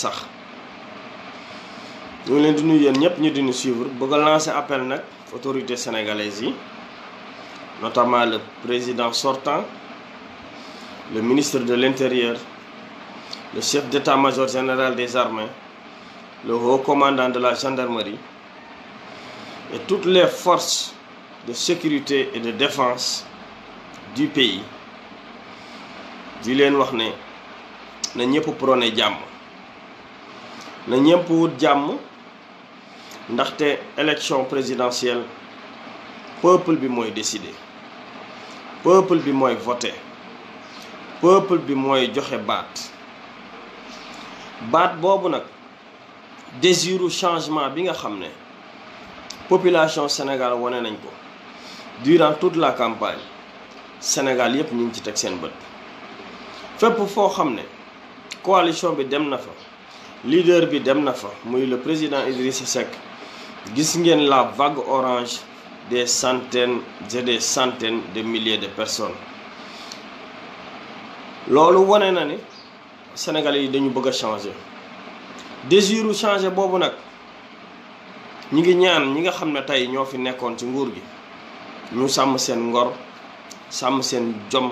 sax ñu ngi leen di nuyu yéen ñëpp ñu di ñu suivre bëgg a lancer appel nag autorités sénégalaises yi notamment le président sortant le ministre de l'intérieur le chef d'état-major général des armées le haut commandant de la gendarmerie et toutes les forces de sécurité et de défense du pays di leen wax ne na ñëpp prôné jàmm na ñëpp wut jàmm ndaxte élection présidentielle peuple bi mooy décider peuple bi mooy voter peuple bi mooy joxe baat baat boobu nag désiru changement bi nga xam ne population Sénégal wane nañ ko durant toute la campagne Sénégal yépp ñu ngi ci teg seen bët fépp foo xam ne coalition bi dem na fa leader bi dem na fa muy le président Idrissa Seck gis ngeen la vague orange des centaines et des centaines de milliers de personnes loolu wane na ni Sénégalais yi dañu bëgg a changer désiru changer boobu nag ñi ngi ñaan ñi nga xam ne tey ñoo fi nekkoon ci nguur gi ñu sàmm seen ngor sàmm seen jom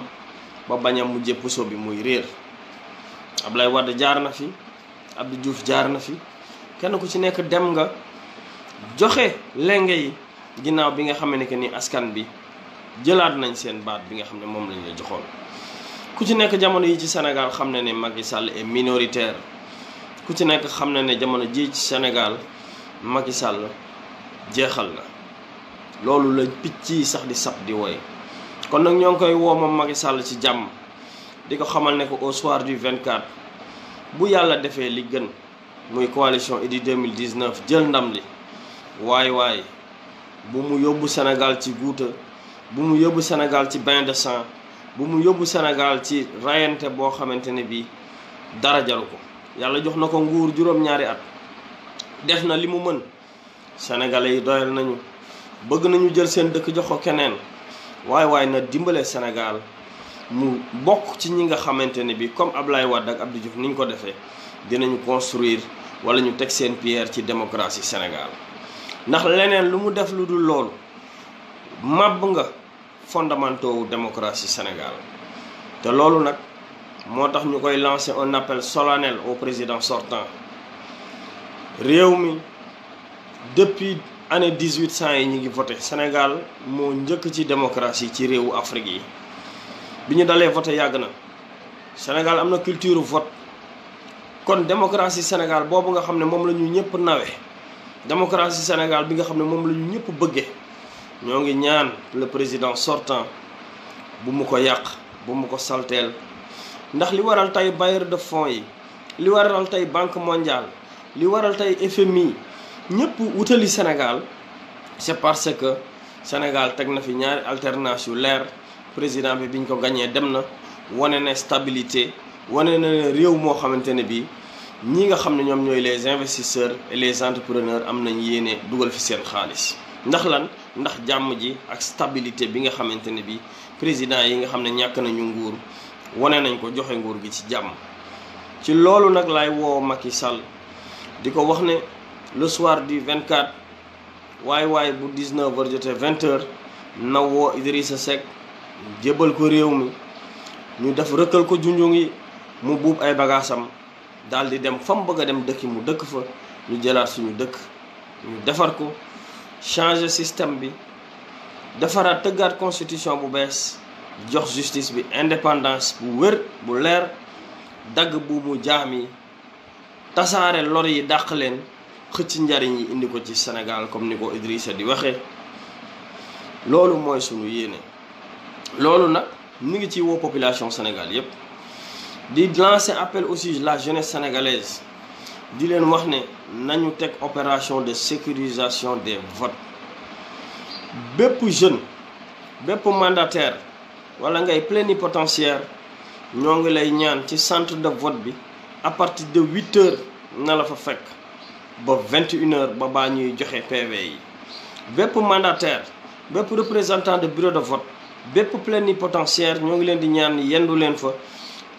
ba bañ a mujje puso bi muy réer lay Wade jaar na fi Abdou juuf jaar na fi kenn ku ci nekk dem nga joxe lenge yi ginnaaw bi nga xam ne que ni askan bi jëlaat nañ seen baat bi nga xam ne moom lañ la joxoon. ku ci nekk jamono yi ci senegal xam na ne Macky Sall est minoritaire ku ci nekk xam na ne jamono ji ci Sénégal Macky Sall jeexal na loolu la picc yi sax di sab di woy kon nag ñoo ngi koy woo moom Macky Sall ci jàmm di ko xamal ne ko au soir du 24. bu yàlla defee li gën muy coalition Idy 2019 jël ndam li waay waay bu mu yóbbu senegal ci guuta bu mu yóbbu senegal ci bain de sang bu mu yóbbu Sénégal ci rayante boo xamante ne bii dara jaru ko yàlla jox na ko nguur juróom-ñaari at def na li mu mën sénégalais yi doyal nañu bëgg nañu jël seen dëkk jox ko keneen waay waay na dimbale Sénégal mu bokk ci ñi nga xamante ne bi comme Ablaye Wade ak Abdou Diouf ni ñu ko defee dinañu construire wala ñu teg seen pierre ci démocratie Sénégal ndax leneen lu mu def lu dul loolu màbb nga fondamentaux wu démocratie Sénégal te loolu nag moo tax ñu koy lancé un appel solennel au président sortant réew mi depuis année 1800 yi ñu ngi voté Sénégal moo njëkk ci démocratie ci réewu Afrique yi bi ñu dalee voté yàgg na Sénégal am na culture vote kon démocratie Sénégal boobu nga xam ne moom la ñu ñëpp nawe démocratie Sénégal bi nga xam ne moom la ñu ñëpp bëggee ñoo ngi ñaan le président sortant bu mu ko yàq bu mu ko salteel ndax li waral tey bailleur de fonds yi li waral tey banque mondiale li waral tey FMI ñëpp wutali Sénégal c'est parce que Sénégal teg na fi ñaari alternance yu leer président bi biñ ko gañee dem na wane na stabilité wane na réew moo xamante ne bii ñi nga xam ne ñoom ñooy les investisseurs et les entrepreneurs am nañ yéene dugal fi seen xaalis yi ndax lan ndax jàmm ji ak stabilité bi nga xamante ne bii président yi nga xam ne ñàkk nañu nguur wane nañ ko joxe nguur gi ci jàmm ci loolu nag lay woo Macky Sall di ko wax ne le soir du 24 waaye waaye bu 19 heures jotee 20 heures na woo Idrissa Seck jébbal ko réew mi ñu def rëkkal ko junjung yi mu buub ay bagaasam daal di dem fa mu bëgg a dem dëkk mu dëkk fa ñu jëlaat suñu dëkk ñu defar ko changé système bi defaraat tëggaat constitution bu bees jox justice bi indépendance bu wér bu leer dagg buubu jaam yi tasaare lor yi dàq leen xëcc njariñ yi indi ko ci senegal comme ni ko Idrissa di waxee loolu mooy sunu yéene. loolu nag ñu ngi ci woo population Sénégal yépp di lancer appel aussi la jeunesse sénégalaise di leen wax ne nañu teg opération de sécurisation des vote bépp jeune bépp mandataire wala ngay plénipotentiaire ñoo ngi lay ñaan ci centre de vote bi à partir de huit heures na la fa fekk ba vingt et une heures ba baa ñuy joxe PV yi bépp mandataire bépp représentant de bureau de vote bépp ni plénipotentiaire ñoo ngi leen di ñaan yendu leen fa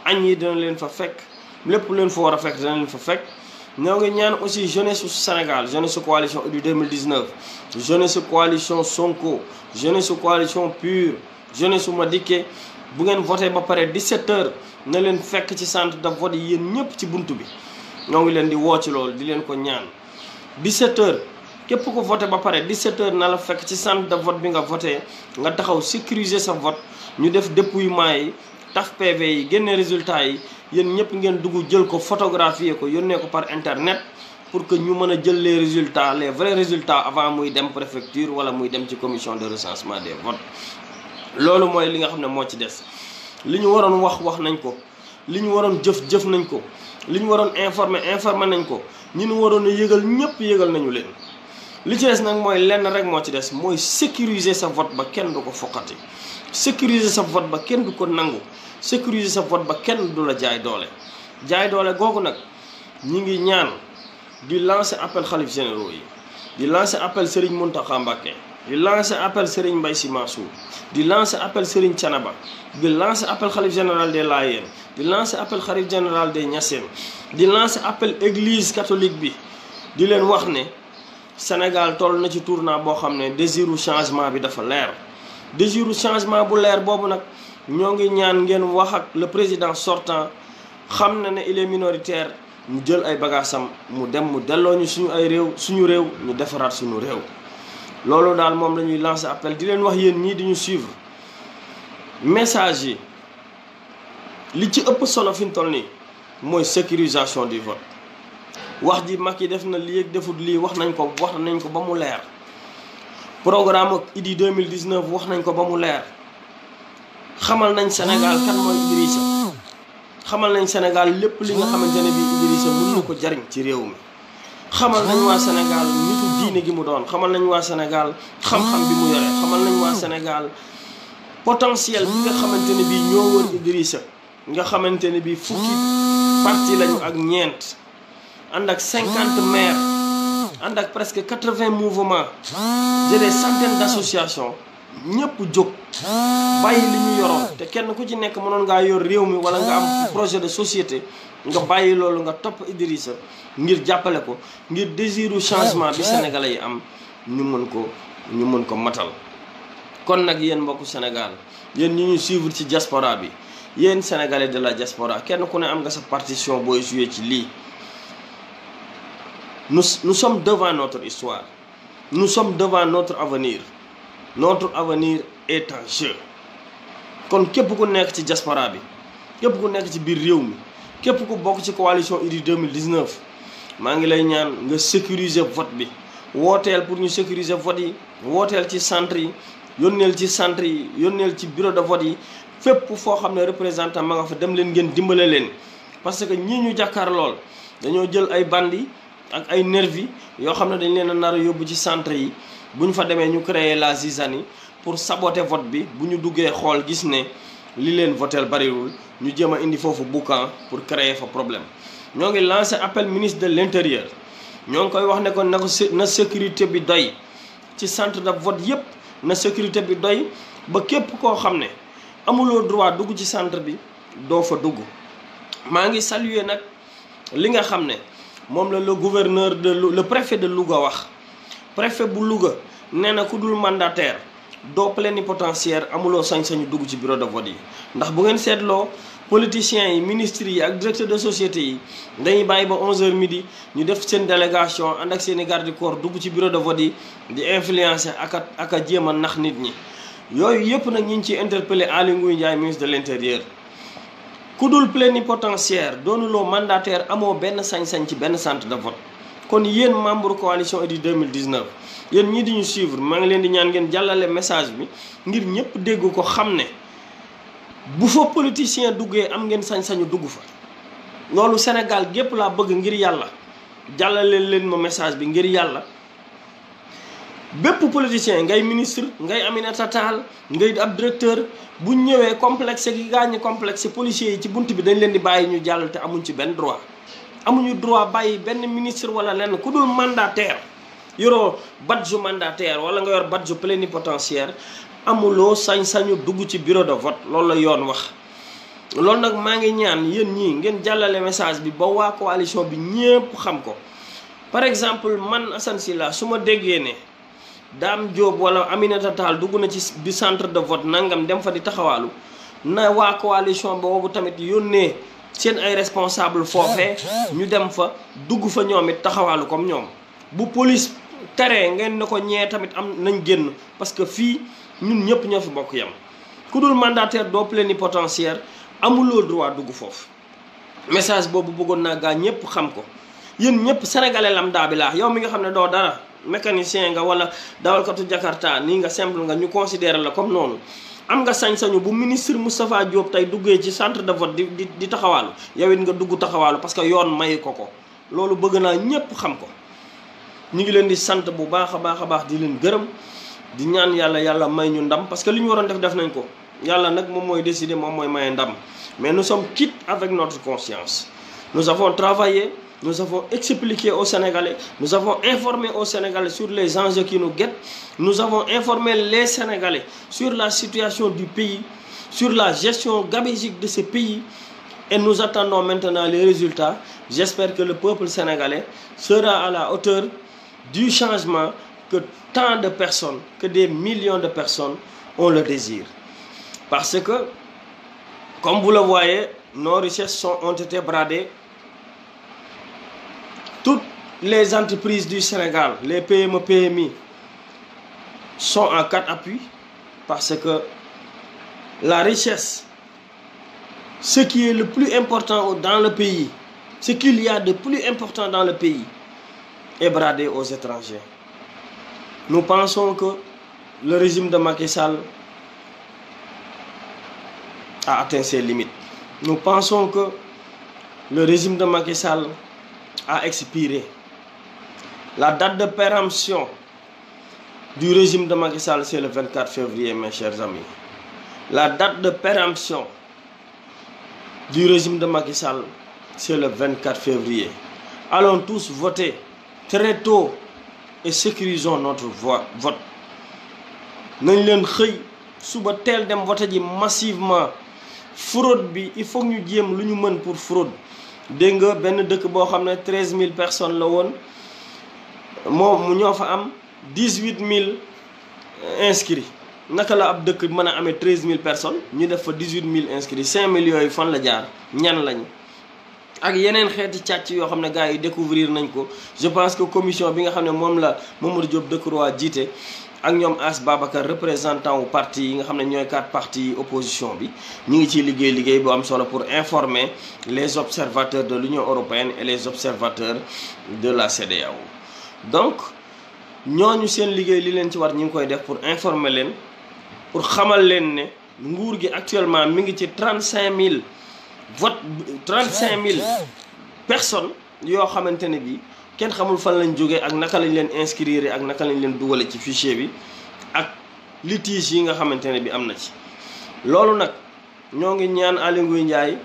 añ yi dana leen fa fekk lépp leen fa war a fekk dana leen fa fekk ñoo ngi ñaan aussi jeunesse su Sénégal jeunesse su coalition du 2019 jeunesse su coalition Sonko jeunesse su coalition PUR jeunesse su dikkee bu ngeen voté ba pare 17h na leen fekk ci centre de vote yi yéen ñëpp ci bunt bi ñoo ngi leen di woo ci loolu di leen ko ñaan 17h. képp ko voté ba pare di h na la fekk ci centre de vote bi nga vote nga taxaw sécuriser sa vote ñu def dépouillement yi taf PV yi génne résultat yi yéen ñëpp ngeen dugg jël ko photographier ko yónnee ko par internet pour que ñu mën a jël les résultats les vrais résultats avant muy dem préfecture wala muy dem ci commission de recensement des vote loolu mooy li nga xam ne moo ci des li ñu waroon wax wax nañ ko li ñu waroon jëf jëf nañ ko li ñu waroon informer informer nañ ko ñi ñu waroon a yëgal ñëpp yëgal nañu leen li ci des nag mooy lenn rek moo ci des mooy sécuriser sa vote ba kenn du ko foqati sécuriser sa vote ba kenn du ko nangu sécuriser sa vote ba kenn du la jaay doole jaay doole googu nag ñi ngi ñaan di lancer appel xalif généraux yi di lancer appel Serigne Mountakha Mbacké di lancer appel Serigne Mbaye Sy Mansour di lancer appel Serigne Thiénaba di lancer appel xalif général des Layènes di lancer appel xalif général des Niassènes di lancer appel église catholique bi di leen wax ne Sénégal toll na ci tournant boo xam ne désiru changement bi dafa leer désiru changement bu leer boobu nag ñoo ngi ñaan ngeen wax ak le président sortant xam na ne il est minoritaire mu jël ay bagaasam mu dem mu delloo ñu suñu ay réew suñu réew ñu defaraat suñu réew loolu daal moom la ñuy lancer appel di leen wax yéen ñii di ñu suivre message yi li ci ëpp solo fi ñu toll nii mooy sécurisation du vote wax ji mag yi def na lii ak defut lii wax nañ ko wax nañ ko ba mu leer programme ak Idy 2019 wax nañ ko ba mu leer xamal nañ senegaal kan mooy Idrissa xamal nañ Sénégal lépp li nga xamante ne bii Idrissa ko jariñ ci réew mi xamal nañ waa Sénégal gi mu doon xamal nañ waa Sénégal xam bi mu yore xamal nañ waa Sénégal potentiel bi nga xamante ne bii ñoo wër Idrissa nga xamante ne bii fukki parti lañu ak ñeent ànd ak cinquante maires ànd ak presque quatre vingt mouvements j'ai des centaines ñëpp jóg bàyyi li ñu yoroon te kenn ku ci nekk mënoon ngaa yor réew mi wala nga am projet de société nga bàyyi loolu nga topp Idrissa ngir jàppale ko ngir désiru changement bi sénégalais yi am ñu mën ko ñu mën ko matal kon nag yéen mbokku Sénégal yéen ñi ñu suivre ci diaspora bi yéen sénégalais de la diaspora kenn ku ne am nga sa partition booy joué ci lii nous, nous sommes devant notre histoire. nu sommes devant notre avenir. Notre avenir est en kon képp ku nekk ci diaspora bi képp ku nekk ci biir réew mi képp ku bokk ci coalition Idy 2019 maa ngi lay ñaan nga sécuriser vote bi wooteel pour ñu sécuriser vote yi wooteel ci centre yi yónneel ci centre yi yónneel ci bureau de vote yi fépp foo xam ne représentant ma nga fa dem leen ngeen dimbale leen parce que ñii ñu jàkkaar lool dañoo jël ay bandi ak ay nervi yoo xam ne dañ leen a nar yóbbu ci centre yi bu ñu fa demee ñu créer la zizanie pour saboter vote bi bu ñu duggee xool gis ne li leen votel bariwul ñu jéem a indi foofu boucan pour créer fa problème ñoo ngi lancé appel ministre de l' intérieur ñoo ngi koy wax ne ko na ko na sécurité bi doy ci centre de vote yépp na sécurité bi doy ba képp koo xam ne amuloo droit dugg ci centre bi doo fa dugg maa ngi saluer nag li nga xam ne moom la le gouverneur de le préfet de Louga wax préfet bu Louga nee na ku dul mandataire doo plénipotentiaire amuloo sañ-sañu dugg ci bureau de vote yi ndax bu ngeen seetloo politiciens yi ministres yi ak directeur de société yi dañuy bàyyi ba 11h midi ñu def seen délégation and ak seen i garde corps dugg ci bureau de vote yi di influencer ak a ak a jéem a nax nit ñi yooyu yëpp nag ñu ngi ciy interpellé Aly Ngouille Ndiaye ministre de l' intérieur. ku dul plénipotentiaire doonuloo mandataire amoo benn sañ-sañ ci benn centre de vote kon yéen membre coalition Idy 2019 yéen ñii di ñu suivre maa ngi leen di ñaan ngeen jàllale message bi ngir ñëpp dégg ko xam ne bu fa politicien duggee am ngeen sañ-sañu dugg fa loolu Sénégal gépp laa bëgg ngir yàlla jàllale leen ma message bi ngir yàlla bépp politicien ngay ministre ngay Aminata Tall ngay ab directeur bu ñëwee complexe gi gaañu complexe policiers yi ci bunt bi dañ leen di bàyyi ñu jàll te amuñ ci benn droit amuñu droit bàyyi benn ministre wala lenn ku dul yoro yoroo ju mandataire wala nga yor badge plénipotentiaire amuloo sañ-sañu dugg ci bureau de vote loolu la yoon wax loolu nag maa ngi ñaan yéen ñi ngeen jàllale message bi ba waa coalition bi ñépp xam ko par exemple man Assane su ma déggee ne Dame Diop walla amine Tall dugg na ci bi centre de vote nangam dem fa di taxawaalu na waa coalition boobu tamit yónnee seen ay responsable foofee ñu dem fa dugg fa ñoom it taxawaalu comme ñoom bu polis teree ngeen ne ko ñee tamit am nañ génn parce que fii ñun ñëpp ñoo fi bokk yam ku dul mandataire doo plénipotentiaire amuloo droit dugg foofu message boobu bëggoon naa gaa ñëpp xam ko yéen ñëpp sénégalais lambda bi yow mi nga xam ne doo dara mécanicien nga wala dawalkatu Jakarta nii nga simple nga ñu considéré la comme noonu am nga sañ-sañu bu ministre Moustapha Diop tey duggee ci centre de vote di di di taxawaalu yow it nga dugg taxawaalu parce que yoon may ko ko loolu bëgg naa ñépp xam ko ñu ngi leen di sant bu baax a baax a baax di leen gërëm di ñaan yàlla yàlla may ñu ndam parce que li ñu waroon def def nañ ko yàlla nag moom mooy décider moom mooy maye ndam mais nous sommes quittes avec notre conscience Nous avons expliqué au Sénégalais, nous avons informé aux Sénégalais sur les enjeux qui nous guettent, nous avons informé les Sénégalais sur la situation du pays, sur la gestion gabégique de ce pays. Et nous attendons maintenant les résultats. J'espère que le peuple sénégalais sera à la hauteur du changement que tant de personnes, que des millions de personnes ont le désir. Parce que, comme vous le voyez, nos richesses sont, été bradées toutes les entreprises du Sénégal, les PME, PMI, sont en quatre appuis parce que la richesse, ce qui est le plus important dans le pays, ce qu'il y a de plus important dans le pays, est bradé aux étrangers. Nous pensons que le régime de Macky Sall a atteint ses limites. Nous pensons que le régime de Macky Sall a expiré. La date de péremption du régime de Macky Sall, c'est vingt 24 février, mes chers amis. La date de péremption du régime de Macky Sall, c'est le 24 février. Allons tous voter très tôt et sécurisons notre vote. nañ leen xëy suba teel dem vote ji massivement fraude bi il faut ñu jéem lu ñu mën pour fraude dégg nga benn dëkk boo xam ne treize mille personnes la woon moom ñoo fa am dix-huit mille inscrits naka la ab dëkk mën a amee treize mille personnes ñu def fa dix-huit mille inscrits cinq mille yooyu fan la jaar ñan lañu. ak yeneen xeeti càcc yoo xam ne gaa yi découvrir nañ ko je pense que commission bi nga xam ne moom la Mamadou Diop Decroix jiite ak ñoom As Babacar représentant wu parti yi nga xam ne ñooy quatre partis opposition bi ñu ngi ciy liggéey liggéey boo am solo pour informer les observateurs de l'Union européenne et les observateurs de la CEDEAO donc ñooñu seen liggéey li leen ci war ñu ngi koy def pour informer leen pour xamal leen ne nguur gi actuellement mi ngi ci trente cinq mille vote trente cinq mille personnes yoo xamante ne bii kenn xamul fan lañ jógee ak naka lañ leen inscrire ak naka lañ leen dugale ci fichier bi ak litige yi nga xamante ne bi am na ci loolu nag ñoo ngi ñaan Aly Ngouille Ndiaye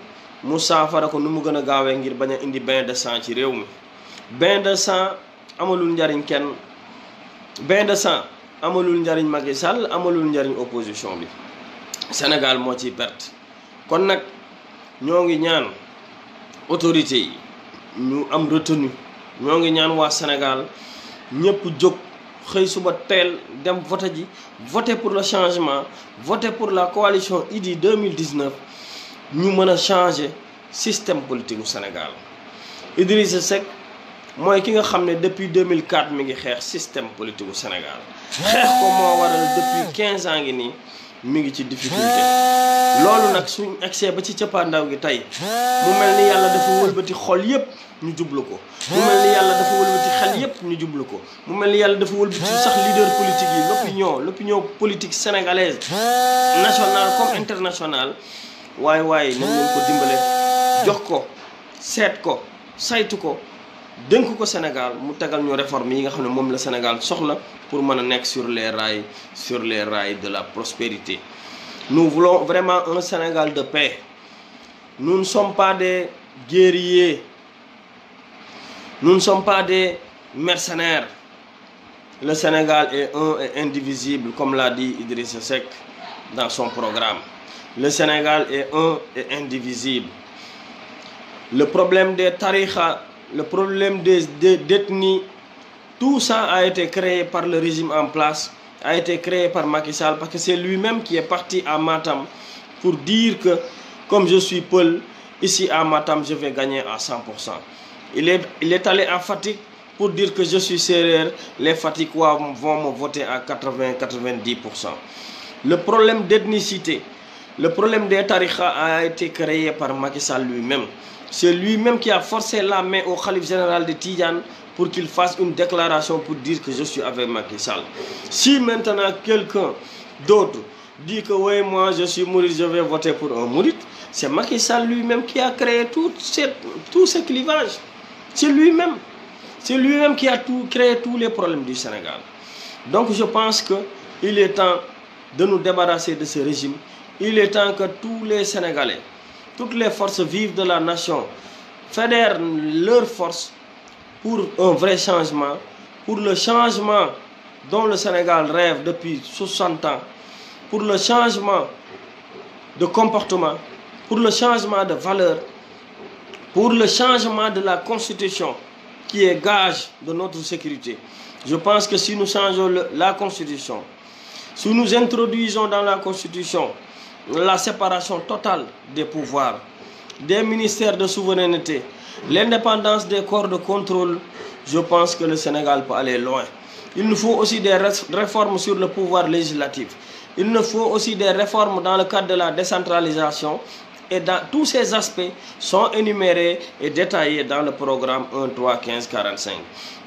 mu saafara ko nu mu gën a gaawee ngir bañ a indi bain de sang ci réew mi bain de sang amalul njariñ kenn bain de sang amalul njariñ Macky Sall amalul njariñ opposition bi Sénégal moo ci perte kon nag ñoo ngi ñaan autorité yi ñu am retenue ñoo ngi ñaan waa Sénégal ñëpp jóg xëy suba teel dem voté ji voté pour la changement voté pour la coalition IDI 2019 ñu mën a changer système politique u Sénégal Idrissa Seck mooy ki nga xam ne depuis 2004 mi ngi xeex système politique u Sénégal xeex ko moo waral depuis ans ngi nii mi ngi ci difficulté loolu nag suñ accès ba ci cappaandaw gi tey mu mel ni yàlla dafa wëlbati xol yépp ñu jublu ko mu mel ni yàlla dafa wëlbati xel yépp ñu jublu ko mu mel ni yàlla dafa wëlbati sax leader politique yi l'opinion l'opinion politique sénégalaise nationale comme internationale waaye waaye nañ leen ko dimbale jox ko seet ko saytu ko dénk ko Sénégal mu tegal ñu réforme yi nga xam ne moom la Sénégal soxla pour mën a nekk sur les rails sur les rails de la prospérité nous voulons vraiment un Sénégal de paix nous ne sommes pas des guerriers nous ne sommes pas des mercenaires le Sénégal est un et indivisible comme l'a dit Idrissa Seck dans son programme le Sénégal est un et indivisible le problème des tarixa le problème des, des détenus, tout cent a été créé par le régime en place, a été créé par Macky parce que c'est lui-même qui est parti à pour dire que, comme je suis Paul, ici à Matam, je vais gagner à 100%. Il est, il est allé à Fatigue pour dire que je suis sérieux, les Fatiguois vont me voter à 80-90%. Le problème d'ethnicité, Le problème des tariqa a été créé par Macky Sall lui-même. C'est lui-même qui a forcé la main au calife général de tijan pour qu'il fasse une déclaration pour dire que je suis avec Macky Sall. Si maintenant quelqu'un d'autre dit que oui, moi je suis mouride, je vais voter pour un mouride, c'est Macky Sall lui-même qui a créé tout, cette, tout ce clivage. C'est lui-même. C'est lui-même qui a tout créé tous les problèmes du Sénégal. Donc je pense qu'il est temps de nous de ce il est temps que tous les Sénégalais, toutes les forces vives de la nation fédèrent leurs forces pour un vrai changement, pour le changement dont le Sénégal rêve depuis 60 ans, pour le changement de comportement, pour le changement de valeur, pour le changement de la constitution qui est gage de notre sécurité. Je pense que si nous changeons la constitution, si nous introduisons dans la constitution la séparation totale des pouvoirs, des ministères de souveraineté, l'indépendance des corps de contrôle, je pense que le Sénégal peut aller loin. Il faut aussi des réformes sur le pouvoir législatif. Il nous faut des réformes dans le cadre de la décentralisation. Et dans, tous ces aspects sont énumérés et dans le programme 1, 3, 15, 45.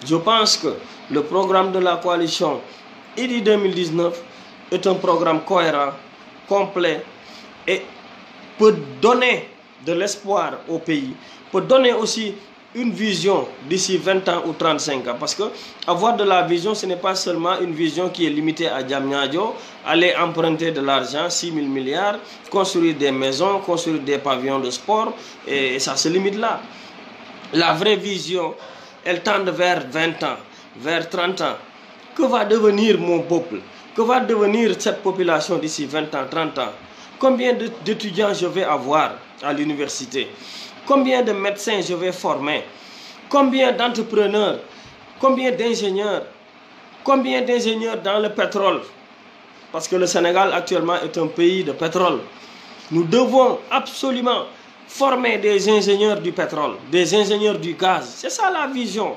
Je pense que le programme de la coalition IDI 2019 est un programme cohérent complet et peut de l'espoir au pays, peut donner aussi une vision d'ici 20 ans ou 35 ans. Parce que avoir de la vision, ce n'est pas une vision qui est limitée à Djamnyadjo, aller emprunter de l'argent, 6 000 milliards, construire des maisons, construire des pavillons de sport, et ça se limite La vraie vision, elle tend vers 20 ans, vers 30 ans. Que va devenir mon peuple Que va devenir cette population d'ici 20 ans, 30 ans Combien d'étudiants je vais avoir à l'université Combien de médecins je vais former Combien d'entrepreneurs Combien d'ingénieurs Combien d'ingénieurs dans le pétrole Parce que le Sénégal actuellement est un pays de pétrole. Nous devons absolument former des ingénieurs du pétrole, des ingénieurs du gaz. C'est ça la vision.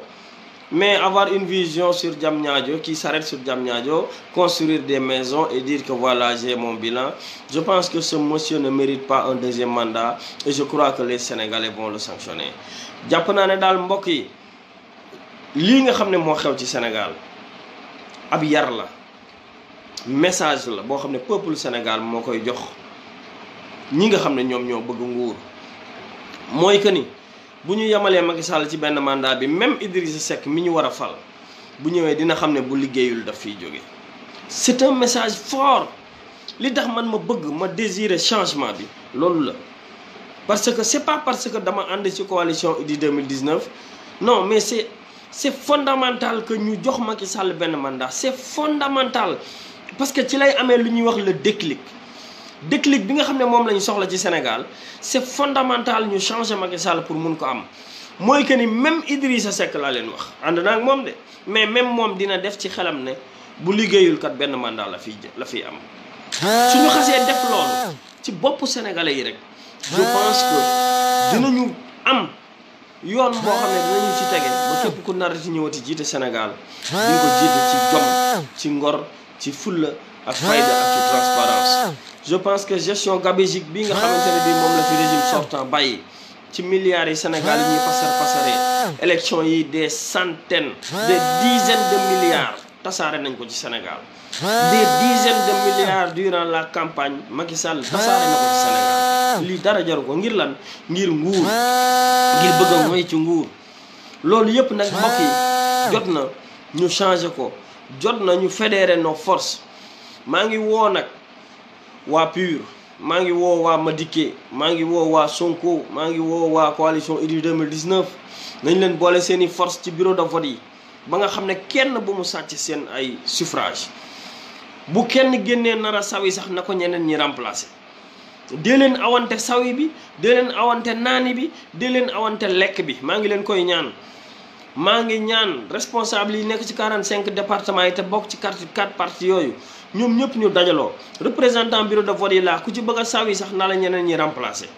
mais avoir une vision sur Diamniadio qui s'arrête sur Diamniadio, construire des maisons et dire que voilà, j'ai mon bilan. Je pense que ce monsieur ne mérite pas un deuxième mandat et je crois que les Sénégalais vont le sanctionner. jàpp naa ne daal mbokk yi lii nga xam ne moo xew ci Sénégal ab yar la message la boo xam ne peuple Sénégal moo koy jox ñi nga xam ne ñoom ñoo bëgg nguur mooy que ni. bu ñu yemalee Macky Sall ci benn mandat bi même Idrissa Seck mi ñu war a fal bu ñëwee dina xam ne bu liggéeyul daf fiy jóge c'est un message fort li tax man ma bëgg ma désirer changement bi loolu la parce que c'est pas parce que dama ànd ci coalition Idy 2019 non mais c'est c'est fondamental que ñu jox Macky Sall benn mandat c'est fondamental parce que ci lay amee lu ñuy wax le déclique déclique bi nga xam ne moom la ñu soxla ci Sénégal c'est fondamental ñu changer Macky Sall pour mun ko am mooy que ni même Idrissa Seck laa leen wax ànd naa ak moom de mais même moom dina def ci xelam ne bu liggéeyulkat benn mandat la fiy la fiy am. suñu xasee def loolu ci boppu sénégalais yi rek je pense que dinañu am yoon boo xam ne dinañu ci tege ba képp ku nar ci ñëwati jiite Sénégal di ko jiite ci jom ci ngor ci fulla ak fayda ak transparence je pense que gestion gabégique bi nga xamante ne bi moom la fi régime sortant bàyyi ci milliards yi Sénégal yi ñuy pasar pasaree élection yi des centaines des dizaines de milliards tasaare nañ ko ci Sénégal des dizaines de milliards durant la campagne Macky Sall tasaare na ko ci Sénégal lii dara jaru ko ngir lan ngir nguur ngir bëgg a moy ci nguur loolu yëpp nag mbokk yi jot na ñu changer ko jot na ñu fédérer nos forces maa ngi woo nag waa PUR maa ngi woo waa Madické maa ngi woo waa Sonko maa ngi woo waa coalition Idy 2019 nañ leen boole seeni force ci bureau de vote yi ba nga xam ne kenn bu mu sàcc seen ay suffrage bu kenn génnee nara sawi sax na ko ñeneen ñi remplacer dee leen awante sawi bi dee leen awante naani bi dee leen awante lekk bi maa ngi leen koy ñaan maa ngi ñaan responsable yi nekk ci 45 départements yi te bokk ci 44 parti yooyu ñoom ñëpp ñu dajaloo représentant bureau de vote yi laa ku ci bëgg a saw yi sax naa la ñeneen ñi remplacer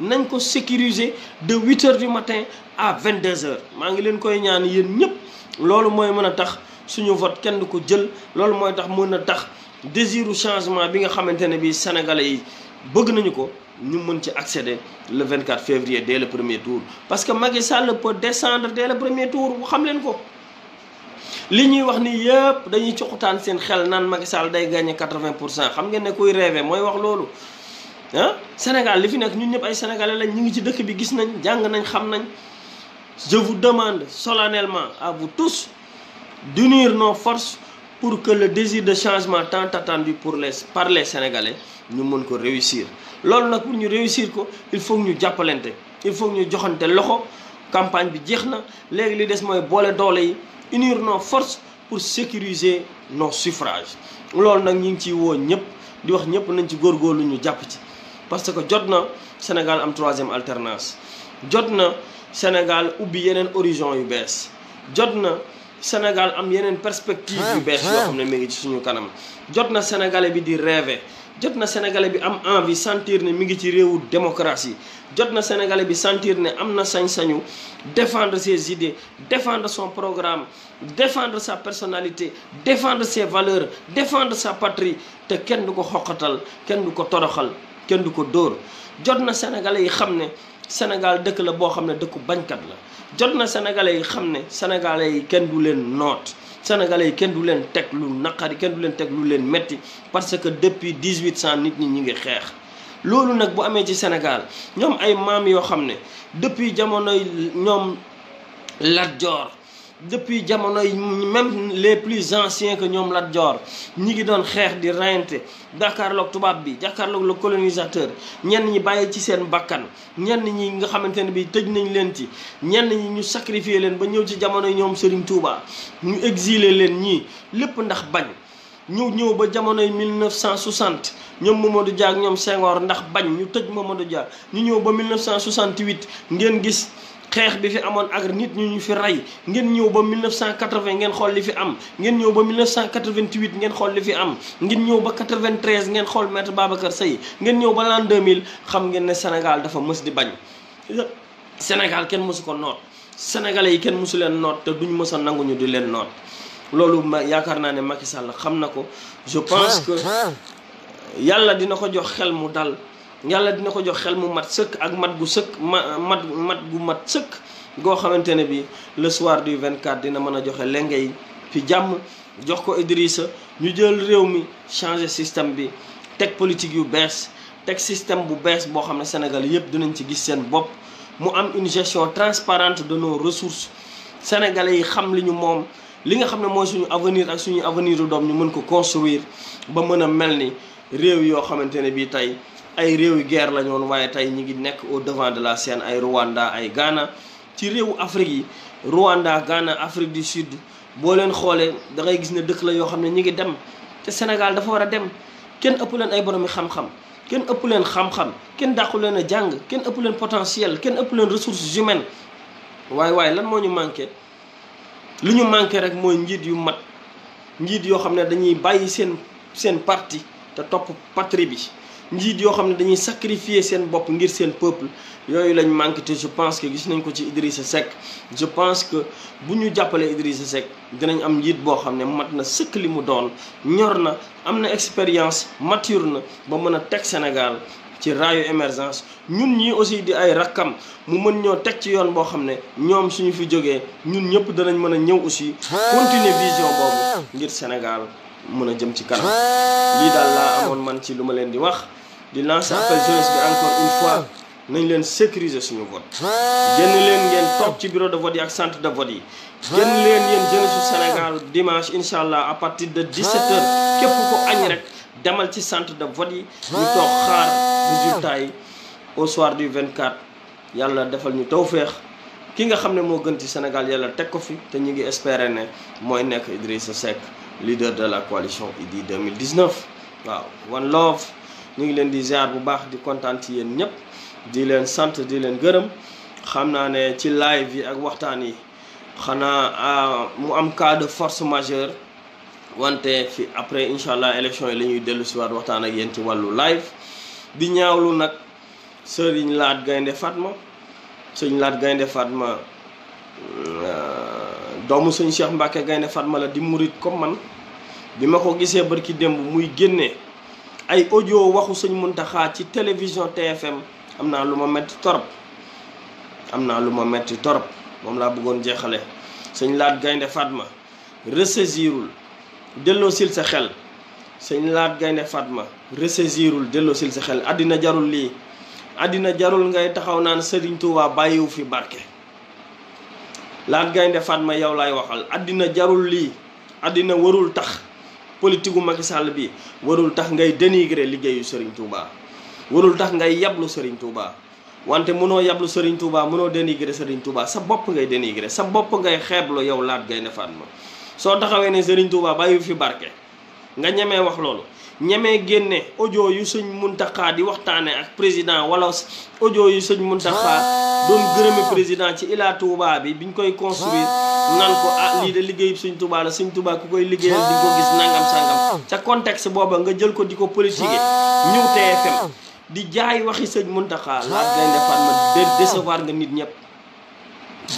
nañ ko sécuriser de huit heures du matin à 22 heures maa ngi leen koy ñaan yéen ñëpp loolu mooy mën a tax suñu vote kenn du ko jël loolu mooy tax mën a tax désiru changement bi nga xamante ne bi sénégal yi bëgg nañu ko ñu mën ci accéder le 24 février dès le premier tour parce que Macky Sall peut descendre dès le premier tour xam leen ko li ñuy wax ni yëpp dañuy cuqutaan seen xel naan Macky Sall day gagné quatre-vingt pour cent xam ngeen ne koy rêvé mooy wax loolu ah Sénégal li fi nekk ñun ñëpp ay sénégalais lañ ñu ngi ci dëkk bi gis nañ jàng nañ xam nañ je demande solennellement à vous tous d'unir nos forces pour que le désir de changement tant attendu pour les par les ñu mën ko réussir loolu nag pour ñu réussir ko il faut ñu jàppalante il faut ñu joxante loxo campagne bi jeex na léegi li des mooy boole doole yi unir no force pour sécuriser nos suffrages loolu nag ñu ngi ciy woo ñëpp di wax ñëpp nañ ci góor góor lu ñu jàpp ci parce que jot na Sénégal am troisième alternance jot na Sénégal ubbi yeneen horizon yu bees jot na Sénégal am yeneen perspective yu bees yoo xam ne mi ngi ci suñu kanam jot na sénégalais bi di rêver jot na sénégalais bi am envi sentir ne mi ngi ci réewu démocratie jot na sénégalais bi sentir ne am na sañ-sañu défendre ses idées défendre son programme défendre sa personnalité défendre ses valeurs défendre sa patrie te kenn du ko xoqatal kenn du ko toroxal kenn du ko dóor jot na sénégalais yi xam ne Sénégal dëkk la boo xam ne dëkku bañkat la jot na sénégalais yi xam ne sénégalais yi kenn du leen noot sénégalais kenn du leen teg lu naqari kenn du leen teg lu leen metti parce que depuis 1800 nit ñi ñu ngi xeex loolu nag bu amee ci Sénégal ñoom ay maam yoo xam ne depuis jamonoy ñoom Lat depuis jamono yi même les plus anciens que ñoom Lat Joor ñi ngi doon xeex di reyante jàkkaarloog tubaab bi jàkkaarloog la colonisateur ñenn ñi bàyyi ci seen bakkan ñenn ñi nga xamante ne bi tëj nañ leen ci ñenn ñi ñu sacrifier leen ba ñëw ci jamono yi ñoom Serigne Touba ñu exiler leen ñii lépp ndax bañ ñu ñëw ba jamonoy jamono yi 1960 ñoom Mamadou Dia ak ñoom Senghor ndax bañ ñu tëj Mamadou Dia ñu ñëw ba mille 1968 ngeen gis xeex bi fi amoon ak nit ñu ñu fi rey ngeen ñëw ba 1980 ngeen xool li fi am ngeen ñëw ba 1988 ngeen xool li fi am ngeen ñëw ba 93 ngeen xool maître Babacar Seye ngeen ñëw ba l'an 2000 xam ngeen ne Sénégal dafa mës di bañ Sénégal kenn mësu ko noot sénégalais yi kenn mësu leen noot te duñu mës a nangu ñu di leen noot loolu ma yaakaar naa ne Macky Sall xam na ko je pense que yàlla dina ko jox xel mu dal yàlla dina ko jox xel mu mat sëkk ak mat gu sëkk ma mat mat gu mat sëkk goo xamante ne bi le soir du vingt 24 dina mën a joxe lenge yi fi jàmm jox ko Idrissa ñu jël réew mi changer système bi teg politique yu bees teg système bu bees boo xam ne Sénégal yëpp dinañ ci gis seen bopp mu am une gestion transparente de nos ressources yi xam li ñu moom li nga xam ne mooy suñu avenir ak suñu avenir u doom ñu mën ko construire ba mën a mel ni réew yoo xamante ne bii tey ay réewi guerre la ñoon waaye tey ñi ngi nekk au devant de la scène ay Rwanda ay Ghana ci réewu Afrique yi Rwanda Ghana Afrique du Sud boo leen xoolee dangay gis ne dëkk la yoo xam ne ñi ngi dem te Sénégal dafa war a dem kenn ëpp leen ay boromi xam-xam kenn ëpp leen xam-xam kenn dàqu leen a jàng kenn ëpp leen potentiel kenn ëpp leen ressources humaines waaye waaye lan moo ñu manqué li ñu manqué rek mooy njiit yu mat njiit yoo xam ne dañuy bàyyi seen seen parti te topp patrie bi njiit yoo xam ne dañuy sacrifier seen bopp ngir seen peuple yooyu lañu manqué te je pense que gis nañ ko ci Idrissa Seck je pense que bu ñu jàppalee Idrissa Seck dinañ am njiit boo xam ne mat na sëkk li mu doon ñor na am na expérience mature na ba mën a teg Sénégal ci raayu émergence ñun ñii aussi di ay rakkam mu mën ñoo teg ci yoon boo xam ne ñoom suñu fi jógee ñun ñëpp danañ mën a ñëw aussi continuer vision boobu ngir Sénégal mën a jëm ci kanam lii daal ci lu ma leen di wax di lancer appel jeunesse bi encore une fois nañ leen sécuriser suñu vote génn leen ngeen toog ci bureau de vote yi ak centre de vote yi génn leen yéen jën su Sénégal dimanche incha allah à partir de 17h képp ko añ rek demal ci centre de vote yi ñu toog xaar résultat yi au soir du yàlla defal ñu feex ki nga xam ne moo gën ci Sénégal yàlla teg ko fi te ñu ngi espérer ne mooy nekk Idrissa Seck leader de la coalition Idy 2019 waaw one love ñu ngi leen di ziar bu baax di kontaan ci yéen ñëpp di leen sant di leen gërëm xam naa ne ci live yi ak waxtaan yi xanaa mu am cas force majeure wante fi après incha allah élection yi la ñuy dellu si waat waxtaan ak yéen ci wàllu live di ñaawlu nag sëriñ Laat Gaynde Fatma sëriñ Laat Gaynde Fatma euh, doomu sëñ Cheikh Mbacke Gaynde Fatma la di murit comme man bi ma ko gisee barki démb muy génne ay audio waxu sëñ Muntaxa ci télévision TFM am naa lu ma metti torop am na lu ma metti torop moom laa bëggoon jeexale sëñ Laat Gaynde Fatma ressaisirul delloo sil sa xel sëñ Laat Gaynde Fatma ressaisirul delloo sil sa xel àddina jarul lii àddina jarul ngay taxaw naan Sëriñ Tuubaa bàyyiwu fi barke Laat Gaynde Fatma yow laay waxal àddina jarul lii àddina warul tax politique gu Macky Sall bi warul tax ngay dénigrer liggéeyu Serigne Touba warul tax ngay yablu Serigne Touba wante mënoo yablu Serigne Touba mënoo dénigrer Serigne Touba sa bopp ngay dénigrer sa bopp ngay xeeblu yow laat ngay defaat ma soo taxawee ne Serigne Touba bàyyi fi barke nga ñemee wax loolu. ñemee génne audio yu sëñ Muntaxa di waxtaane ak président wala audio yu sëñ Muntaxa doon gërëme président ci Ila Touba bi bi biñ koy construire nan ko ah lii de liggéeyub sëñ Touba la suñ Touba ku koy liggéeyal di ko gis nangam sangam ca contexte booba nga jël ko di ko politique ñëw TFM di jaay waxi sëñ Muntaxa laaj laa defar ma décevoir nga nit ñëpp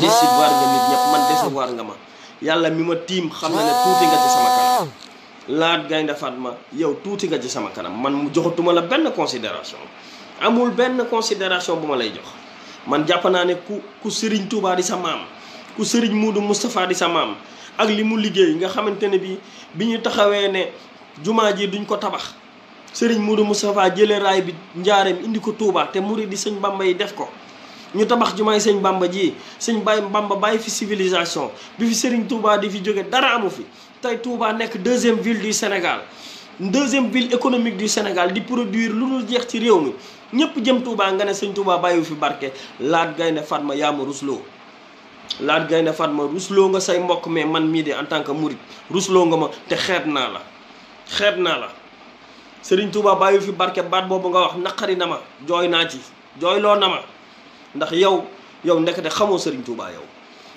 décevoir nga nit ñëpp man décevoir nga ma yàlla mi ma tiim xam na ne tuuti nga ci laat gaynde ma yow tuuti nga ci sama kanam man mu joxatuma la benn considération amul benn considération bu ma lay jox man jàpp naa ne ku ku Serigne Touba di sa maam ku Serigne muudu Moustapha di sa maam ak li mu liggéey nga xamante ne bi bi ñu taxawee ne jumaa ji duñ ko tabax Serigne muudu Moustapha jëlee raay bi njaareem indi ko Touba te murid di sëñ mbamba yi def ko ñu tabax jumaay sëñ Bamba ji sëñ Baye Bamba bàyyi fi civilisation bi fi Serigne Touba di fi jóge dara amu fi tey Touba nekk deuxième ville du Sénégal deuxième ville économique du Sénégal di produire lu dul jeex ci réew mi ñëpp jëm Touba nga ne sëñ Touba bàyyiwu fi barke laat gaynde Fatma yaa ma rusloo laat gaynde ma rusloo nga say mbokk mais man mii de en tant que murit rusloo nga ma te xeet naa la xeet naa la sëriñ Touba bàyyiwu fi barke baat boobu nga wax naqari na ma jooy naa ci jooyloo na ma ndax yow yow ndekete xamoo sëriñ Touba yow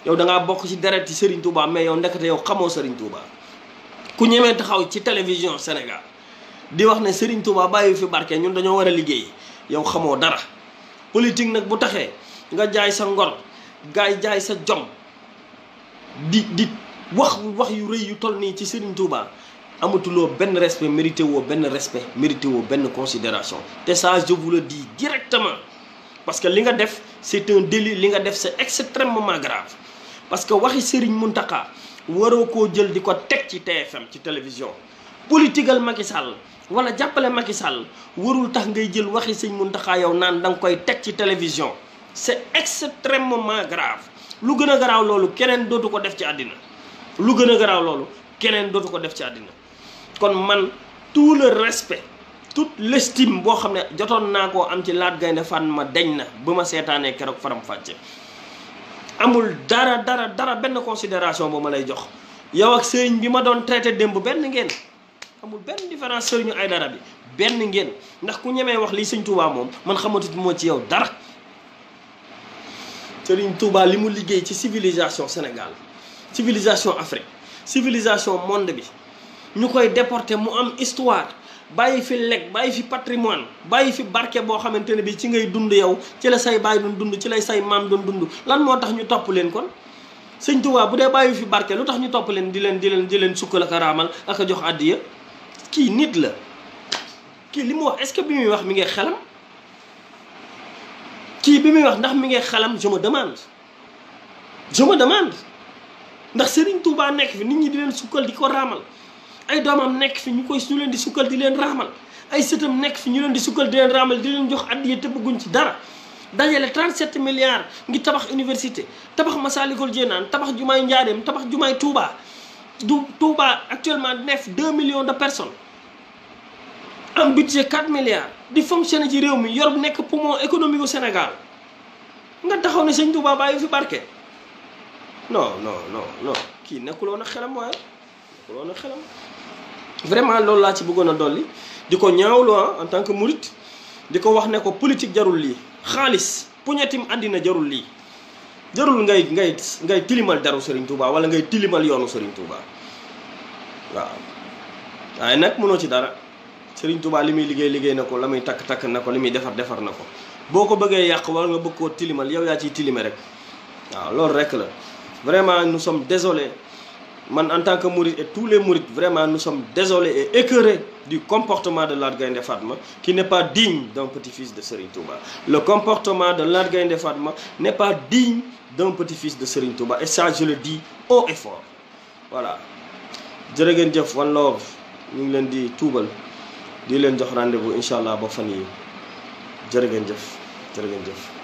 yow da ngaa bokk ci dereti Serigne Touba mais yow ndekete yow xamoo Serigne Touba ku ñemee taxaw ci télévision Sénégal di wax ne Serigne Touba bàyyi fi barke ñun dañoo war a liggéey yow xamoo dara politique nag bu taxee nga jaay sa ngor gaay jaay sa jom di di wax wax yu rëy yu toll nii ci Serigne Touba amatuloo benn respect mérité woo benn respect mérité woo benn considération te ça je vous le dis directement parce que li nga def c'est un délit li nga def c'est extrêmement grave parce que waxi Serigne Mountakha waroo koo jël di ko teg ci TFM ci télévision politigal Macky Sall wala jàppale Macky Sall warul tax ngay jël waxi sëñ Mountakha yow naan da nga koy teg ci télévision c'est extrêmement grave lu gën a garaaw loolu keneen dootu ko def ci àddina lu gën a garaaw loolu keneen dootu ko def ci àddina kon man tout le respect tout l'estime boo xam ne jotoon naa koo am ci Laat Gaynde ma deñ na ba ma seetaanee keroog faram fàcce amul dara dara dara benn considération bu ma lay jox yow ak sëriñ bi ma doon traité démb benn ngeen amul benn différence sëriñu ay dara bi benn ngeen ndax ku ñemee wax lii sëñ Touba moom man xamatut moo ci yow dara sëriñ Touba li mu liggéey ci civilisation Sénégal civilisation Afrique civilisation monde bi ñu koy déporté mu am histoire bàyyi fi lekk bàyyi fi patrimoine bàyyi fi barke boo xamante ne bi ci ngay dund yow ci la say baay doon dund ci lay say maam doon dund lan moo tax ñu topp leen kon sëñ Tuubaa bu dee bàyyi fi barke lu tax ñu topp leen di leen di leen di leen sukkal ak a raamal a jox kii nit la kii li mu wax est que bi muy wax mi ngi xelam kii bi muy wax ndax mi ngi xelam je me demande je ndax Sëriñ Tuubaa nekk fi nit ñi di leen sukkal di ko raamal ay doomam nekk fi ñu koy ñu leen di sukkal di leen raamal ay nekk fi ñu leen di sukkal di leen raamal di leen jox addiya te bëgguñ ci dara dajale 37 milliards ngi tabax université tabax Masaalikul naan tabax jumaay Njaareem tabax jumaay Touba du Touba actuellement neef 2 millions de personnes am budget 4 milliards di fonctionner ci réew mi yor nekk poumon économique au Sénégal nga taxaw ne sëñ Touba bàyyi fi barke non non non kii nekkuloon a xelam waaye nekkuloon a xelam vraiment loolu laa ci bëggoon a dolli di ko ñaawloo ah, en tant que murit di ko wax ne ko politique jarul lii xaalis puñetim àddina jarul lii jarul ngay ngay ngay tilimal daru sëriñ Touba wala ngay tilimal yoonu Serigne Touba waaw waaye nag mënoo ci dara Serigne Touba li muy liggéey liggéey na ko la muy takk takk na ko li muy defar defar na ko boo ko bëggee yàq wala nga bëgg koo tilimal yow yaa ciy tilime rek waaw loolu rek la vraiment nu sommes désolés man en tant que mouride et tous les mourides vraiment nu sommes désolés et écœurés du comportement de Lat Gaïndé Fatma qui n'est pas digne d'un petit-fils de Serigne Touba. Le comportement de Lat Gaïndé Fatma n'est pas digne d'un petit-fils de Serigne Touba et ça je le dis haut et fort. Voilà jërë ngeen jëf one love ñu ngi leen di tuubal di leen jox rendez-vous incha allah ba fan yi jërë ngeen jëf jërë ngeen jëf.